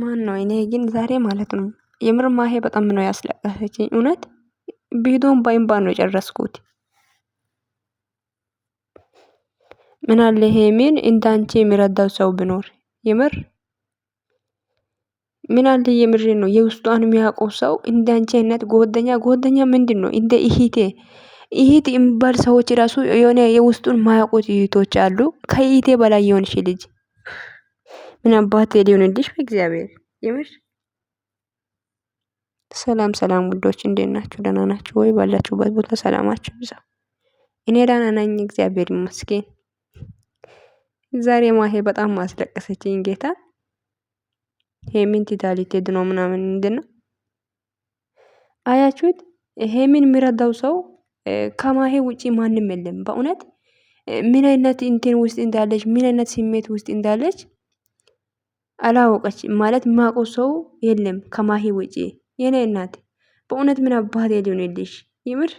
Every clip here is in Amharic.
ማን ነው? እኔ ግን ዛሬ ማለት ነው የምር ማሄ በጣም ነው ያስለቀሰችኝ። እውነት ቪዲዮን ባይምባ ነው የጨረስኩት። ምን አለ ሄሚን እንዳንቺ የሚረዳው ሰው ብኖር የምር ምን አለ የምር ነው የውስጧን የሚያውቀው ሰው እንዳንቺ አይነት ጎደኛ ጎደኛ ምንድን ነው እንደ እሂቴ እሂት የሚባል ሰዎች ራሱ የሆነ የውስጡን ማያውቁት እሂቶች አሉ። ከእሂቴ በላይ የሆንሽ ልጅ ምን አባት ሊሆንልሽ በእግዚአብሔር ይምር። ሰላም ሰላም ውዶች እንዴት ናችሁ? ደህና ናችሁ ወይ? ባላችሁበት ቦታ ሰላማችሁ ብዛ። እኔ ደህና ነኝ እግዚአብሔር ይመስገን። ዛሬ ማሄ በጣም ማስለቀሰችኝ ጌታ። ሄሚን ቲታሊት ድኖ ምናምን ምንድን አያችሁት? ሄሚን የሚረዳው ሰው ከማሄ ውጪ ማንም የለም። በእውነት ምን አይነት እንትን ውስጥ እንዳለች ምን አይነት ስሜት ውስጥ እንዳለች አላወቀች ማለት ማቆ ሰው የለም ከማሂ ውጪ። የኔ እናት በእውነት ምን አባት ሊሆንልሽ ይምር።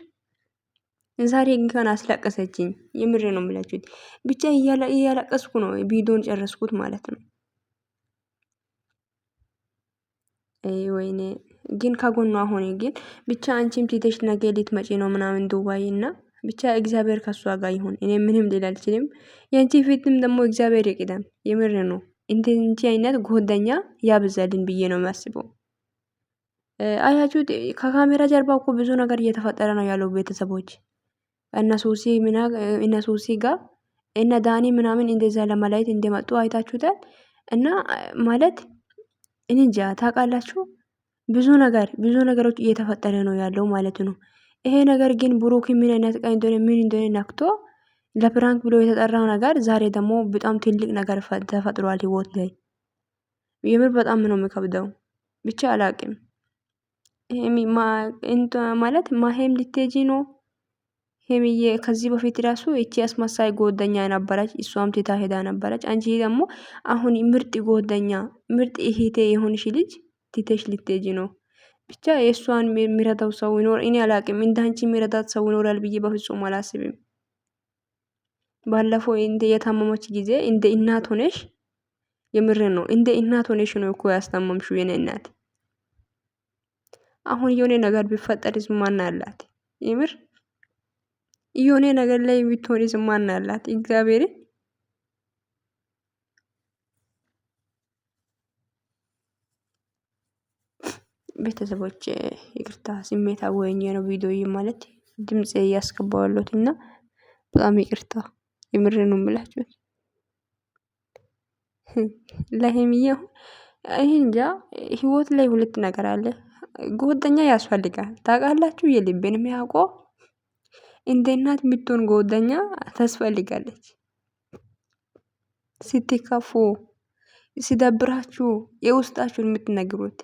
ዛሬ እንኳን አስለቀሰችኝ። የምር ነው የምላችሁት። ብቻ እያለቀስኩ ነው ቪዲዮን ጨረስኩት ማለት ነው። ወይኔ ግን ከጎኑ አሁን ግን ብቻ አንቺም ቲተሽ ነገ ልትመጪ ነው ምናምን ዱባይ እና ብቻ እግዚአብሔር ከሷ ጋር ይሁን። እኔ ምንም ሌላ አልችልም። የአንቺ ፊትም ደግሞ እግዚአብሔር ይቅደም። የምር ነው። እንትን አይነት ጎደኛ ያብዛልን ብዬ ነው የሚያስበው። አያችሁት፣ ከካሜራ ጀርባ እኮ ብዙ ነገር እየተፈጠረ ነው ያለው። ቤተሰቦች እነ ሶሲ ጋር እነ ዳኒ ምናምን እንደዛ ለማላየት እንደመጡ አይታችሁታል። እና ማለት እንጃ ታውቃላችሁ፣ ብዙ ነገር ብዙ ነገሮች እየተፈጠረ ነው ያለው ማለት ነው። ይሄ ነገር ግን ብሩክ ምን አይነት እንደሆነ ምን እንደሆነ ነክቶ ለፕራንክ ብሎ የተጠራው ነገር ዛሬ ደግሞ በጣም ትልቅ ነገር ተፈጥሯል ህይወት ላይ። የምር በጣም ነው የሚከብደው። ብቻ አላቅም ማለት ማሄም ልትጂ ነው። ሄምዬ ከዚህ በፊት ራሱ እቺ አስመሳይ ጎደኛ ነበረች፣ እሷም ትታ ሄዳ ነበረች። አንቺ ደግሞ አሁን ምርጥ ጎደኛ ምርጥ እህቴ የሆንሽ ልጅ ትተሽ ልትጂ ነው። ብቻ የእሷን የሚረዳው ሰው ይኖር እኔ አላቅም። አንቺ የሚረዳት ሰው ይኖራል ብዬ በፍጹም አላስብም። ባለፈው እንደ የታመመች ጊዜ እንደ እናት ሆነሽ የምር ነው። እንደ እናት ሆነሽ ነው እኮ ያስታመምሽው የኔ እናት። አሁን የሆነ ነገር ቢፈጠር ዝማና አላት። የምር የሆነ ነገር ላይ ቢትሆን ዝማና አላት። እግዚአብሔር ቤተሰቦች ይቅርታ፣ ስሜታዊ ወይኝ ነው ቪዲዮ ማለት ድምፅ እያስገባዋለሁት እና በጣም ይቅርታ። የምር ነው ምላችሁ ለሀይሚዬ ይሄ እንጃ ህይወት ላይ ሁለት ነገር አለ። ጎደኛ ያስፈልጋል ታውቃላችሁ። የልቤን የሚያውቆ እንደ እናት የምትሆን ጎደኛ ታስፈልጋለች። ስትከፉ፣ ሲደብራችሁ የውስጣችሁን የምትነግሩት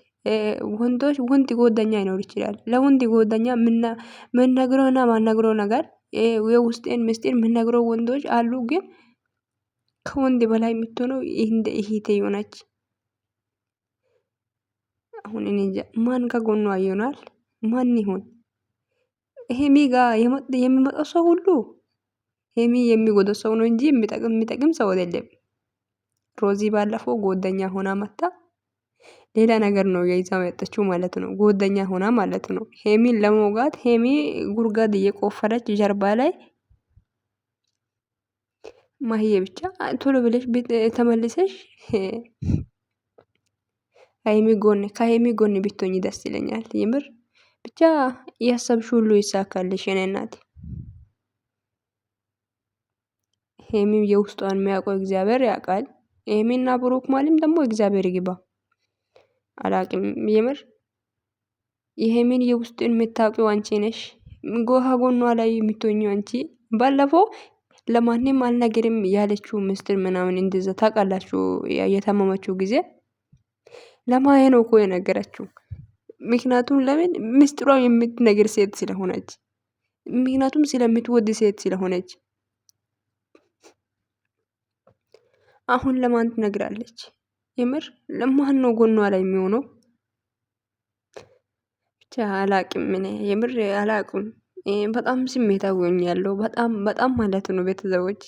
ወንዶች ወንድ ጎደኛ ይኖር ይችላል። ለወንድ ጎደኛ መናግረውና ማናግረው ነገር የውስጤን ምስጢር የምነግረው ወንዶች አሉ። ግን ከወንድ በላይ የምትሆነው እንደ እህቴ የሆነች አሁን እኔ እንጃ ማን ከጎኗ ይሆናል? ማን ይሆን? ሄሚ ጋር የሚመጣው ሰው ሁሉ ሄሚ የሚጎዳ ሰው ነው እንጂ የሚጠቅም ሰው አይደለም። ሮዚ ባለፈው ጎደኛ ሆና መጣ። ሌላ ነገር ነው የይዛ መጠችው ማለት ነው። ጎደኛ ሆና ማለት ነው። ሄሚን ለመውጋት ሄሚ ጉርጋድ እየቆፈረች ጀርባ ላይ ማህዬ ብቻ ቶሎ ብለሽ ተመልሰሽ ከሄሚ ጎን ከሄሚ ጎን ብትሆኝ ደስ ይለኛል። ይምር ብቻ ያሰብሽ ሁሉ ይሳካልሽ የኔ እናት። ሄሚም የውስጧን የሚያውቀው እግዚአብሔር ያውቃል። ሄሚና ብሩክ ማለም ደግሞ እግዚአብሔር ይግባ። አላቅም የምር ይሄምን የውስጥን የምታውቂው አንቺ ነሽ። ጎሃ ጎኗ ላይ የምትሆኙ አንቺ ባለፈው ለማንም አልነገርም ያለችው ምስጢር ምናምን እንደዛ ታውቃላችሁ። የታመመችው ጊዜ ለማየ ነው እኮ የነገረችው። ምክንያቱም ለምን ምስጢሯ የምትነግር ሴት ስለሆነች፣ ምክንያቱም ስለምትወድ ሴት ስለሆነች። አሁን ለማን ትነግራለች? የምር ለማን ነው ጎኗ ላይ የሚሆነው? ብቻ አላቅም። እኔ የምር አላቅም። በጣም ስሜታዊ ሆኛለሁ። በጣም በጣም ማለት ነው ቤተሰቦች፣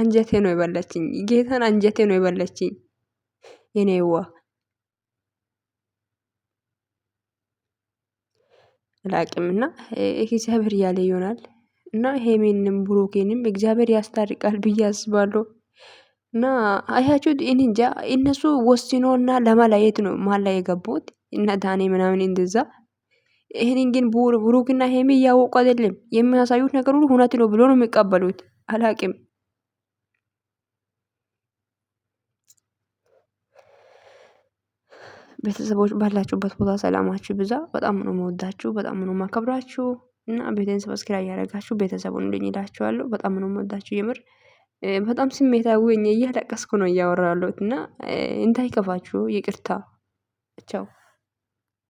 አንጀቴ ነው የበላችኝ። ጌታን አንጀቴ ነው የበላችኝ። የኔዋ አላቅም እና እግዚአብሔር እያለ ይሆናል እና ሄሜንም ብሩኬንም እግዚአብሔር ያስታርቃል ብዬ አስባለሁ። እና አያችሁት? እኔ እንጃ እነሱ ወስኖና ለማላየት ነው መሀል ላይ የገቡት እና ዳኔ ምናምን እንደዛ። ይህንን ግን ብሩክና ሄሚ እያወቁ አይደለም የሚያሳዩት ነገር ሁሉ እውነት ነው ብሎ ነው የሚቀበሉት። አላቅም ቤተሰቦች ባላችሁበት ቦታ ሰላማችሁ ብዛ። በጣም ነው መወዳችሁ፣ በጣም ነው ማከብራችሁ እና ቤተሰብ ሰብስክራይብ እያደረጋችሁ ቤተሰቡን እንደኝላችኋለሁ። በጣም ነው መወዳችሁ የምር በጣም ስሜታዊ ሆኜ እያለቀስኩ ነው እያወራሁ ያለሁት እና ከፋችሁ ይቅርታ ቻው